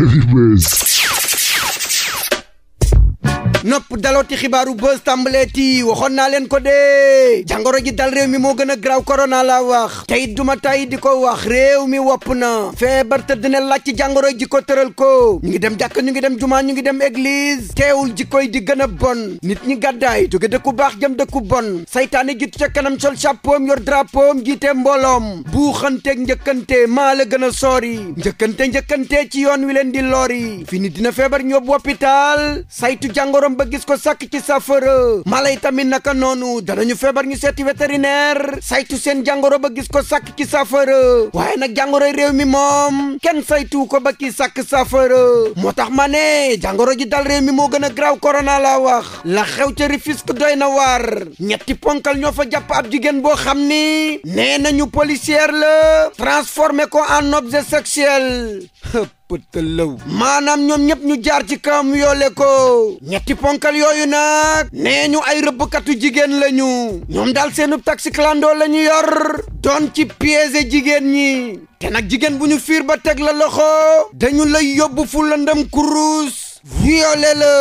Anyways. nopp dalooti xibaaru buzz tàmbaleeti waxoon naa leen ko dee jàngoro ji dal réew mi moo gën a graw korona laa wax tey duma tay di ko wax réew mi wopp na feebar tëdd na laaj ci jàngoro ji ko tëral ko ñu ngi dem jàkk ñu ngi dem jumaa ñu ngi dem église teewul jikkoy di gën a bon nit ñi gàddaay jóge dëkku baax jëm dëkku bon saytaane jiitu ca kanam sol chapeau yor drapeau jiite mbooloom buuxanteeg njëkkante maa la gën a soori njëkkante njëkkante ci yoon wi leen di lori fi nit dina feebar ñëw hôpital saytu jàngoro dem ba gis ko sàkk ci saafara mala yi tamit naka noonu danañu feebar ñu seeti vétérinaire saytu seen jàngoro ba gis ko sàkk ki saafara waaye nag jàngoroy réew mi moom kenn saytu ko ba ki sàkk saafara moo tax ma ne jàngoro ji dal réew mi moo gën a graaw corona laa wax la xew ca Rufisque doy na waar ñetti ponkal ñoo fa jàpp ab jigéen boo xam ni nee nañu policière la transformé ko en objet sexuel pëtëlëw maanaam ñoom ñëpp ñu jaar ci kam yoole ko ñetti ponkal yooyu nag nee ñu ay rëbbkatu jigéen la ñu ñoom daal seenub taxi clando la ñu yor doon ci piéger jigéen ñi te nag jigéen bu ñu fiir ba teg la loxo dañu lay yóbbu fu lëndëm kurus violé la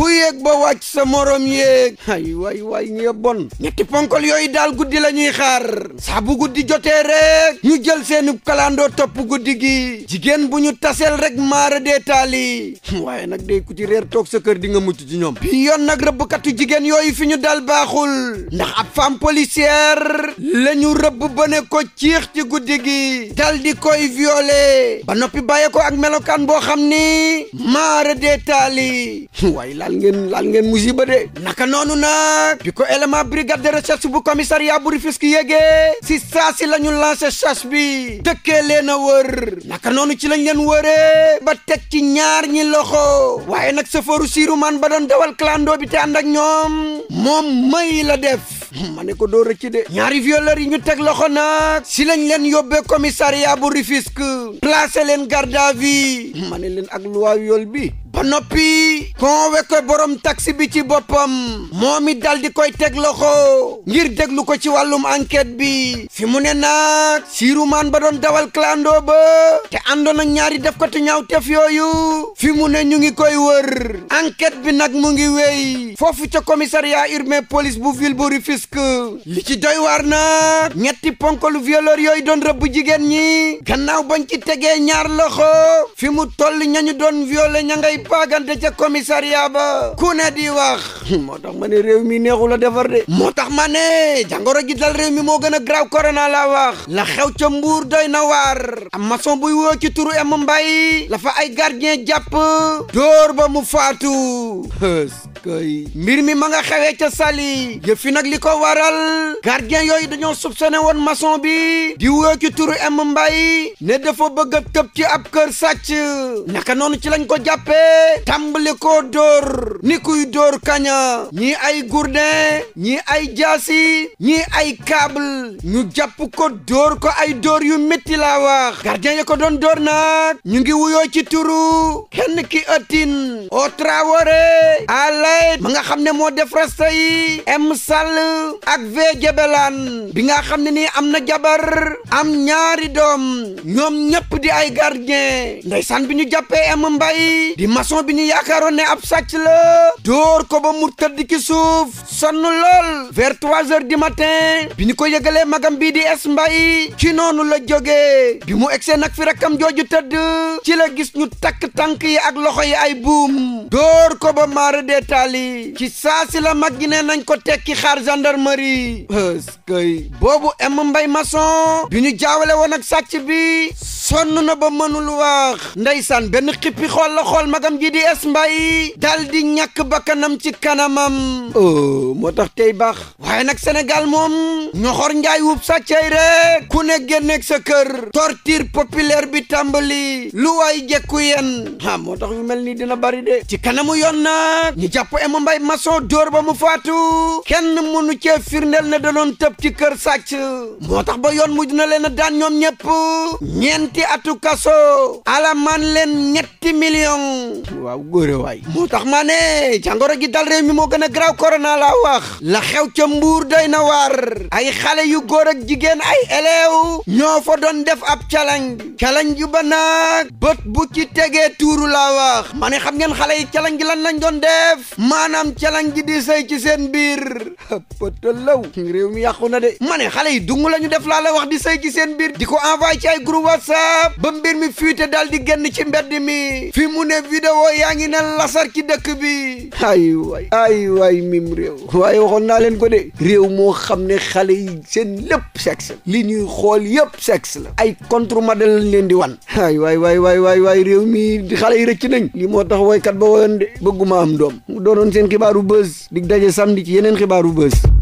bu yéeg ba wàcc sa morom yéeg ay way way ñee bon ñetti ponkol yooyu daal guddi la ñuy xaar saa bu guddi jotee rek ñu jël seenu kalandoo topp guddi gi jigéen bu ñu taseel rek maara dee taali waaye nag day ku ci toog sa kër di nga mucc ci ñoom bi yoon nag rëbbkatu jigéen yooyu fi ñu dal baaxul ndax ab femme policière la ñu rëbb ba ne ko ciix ci guddi gi dal di koy violé ba noppi bàyyee ko ak melokaan boo xam ni maara dee taali waaye laal ngeen laal ngeen musiba de naka noonu nag bi ko élément brigade de recherche bu commissariat bu Rufisque yégee si saa si la ñu lancé chasse bi dëkkee leen a wër naka noonu ci lañu leen wëree ba teg ci ñaar ñi loxo waaye nag safaru siiru man ba doon dawal clando bi te ànd ak ñoom moom may la def ma ne ko doo rëcc de ñaari violeurs yi ñu teg loxo nag si lañ leen yóbbee commissariat bu Rufisque placé leen garde à vue leen ak loi yool bi ba noppi convoqué ko borom taxi bi ci boppam moom it dal di koy teg loxo ngir déglu ko ci wàllum enquête bi fi mu ne nag siirumaan ba doon dawal clando ba te àndoon ak ñaari def ko te ñaaw tef yooyu fi mu ne ñu ngi koy wër enquête bi nag mu ngi wéy foofu ca commissariat urbain police bu ville bu Rufisque li ci doy waar nag ñetti ponkalu violeur yooyu doon rëbb jigéen ñi gannaaw bañ ci tegee ñaar loxo fi mu toll ñañu doon violé ña pagante ca commissariat ba ku ne di wax moo tax ma ne réew mi neexu defar de moo tax ma ne jàngoro ji dal réew mi moo gën a graw corona la wax la xew ca mbuur doy na waar am maçon buy woo ci turu em mbay la fa ay gardien jàpp dóor ba mu faatu koy mbir mi ma nga xewee ca Saly yëf yi nag li ko waral gardien yooyu dañoo soupçonné woon maçon bi di woo ci turu M Mbaye ne dafa bëgg a tëb ci ab kër sàcc naka noonu ci lañ ko jàppee tàmbali ko dóor ni dóor kaña ñii ay gourdin ñii ay jaasi ñii ay câble ñu jàpp ko dóor ko ay dóor yu métti laa wax gardien ya ko doon dóor nag ñu ngi wuyo ci turu kenn ki ëttin au Traoré ala Faye ma nga xam ne moo def resta yi M Sall ak V Jebelaan bi nga xam ne nii am na jabar am ñaari doom ñoom ñëpp di ay gardien ndeysaan bi ñu jàppee M Mbaye di mason bi ñu yaakaaroon ne ab sàcc la dóor ko ba mu tëdd ki suuf sonn lool vers trois heures du matin bi ñu ko yëgalee magam bii di es Mbaye ci noonu la jógee bi mu egsee nag fi rakkam jooju tëdd ci la gis ñu takk tànk yi ak loxo yi ay buum dóor ko ba maara deeta Italie ci saasi la mag gi ne nañ ko tekki xaar gendarmerie ëskëy boobu ema mbay mason bi ñu jaawale woon ak sàcc bi sonn na ba mënul wax ndeysaan benn xippi xool la xool magam ji di es mbay dal di ñàkk bakkanam ci kanamam oh moo tax tey baax waaye nag Sénégal moom ñoxor njaay wub sàccay rek ku ne génneeg sa kër torture populaire bi tàmbali lu waay jekku yen ah moo tax yu mel dina bari de ci kanamu yoon nag ñu jàpp Ema Mbaye maçon dóor ba mu faatu kenn mënu cee firndeel ne da doon tëb ci kër sàcc moo tax ba yoon mujj na leen a daan ñoom ñëpp ñeenti atu kaso man leen ñetti million waaw góore waay moo tax maa ne jàngoro gi dal réew mi moo gën a garaaw korona laa wax la xew ca mbuur day na waar ay xale yu góor ak jigéen ay élève ñoo fa doon def ab challenge challenge yu ba nag bët bu ci tegee tuuru la wax ma xam ngeen xale yi challenge lan lañ doon def maanaam calang gi di sëy ci seen biir pëtalaw réew mi yàqu na de ma xale yi dungu la ñu def laa la wax di sëy ci seen biir di ko envoyé ci ay groupe whatsapp ba mi fii te daal di génn ci mbedd mi fi mu ne vidéo yaa ngi ne lasar ci dëkk bi ay waay ay waay mim réew waaye waxoon naa leen ko de réew moo xam ne xale yi seen lépp sexe li ñuy xool yëpp sexe la ay contre modèle lañ leen di wan ay waay waay waay waay waay réew mi xale yi rëcc nañ li moo tax waykat ba woyoon bëgguma am doom doonoon seen xibaaru bës dig daje samedi yenen yeneen xibaaru buzz.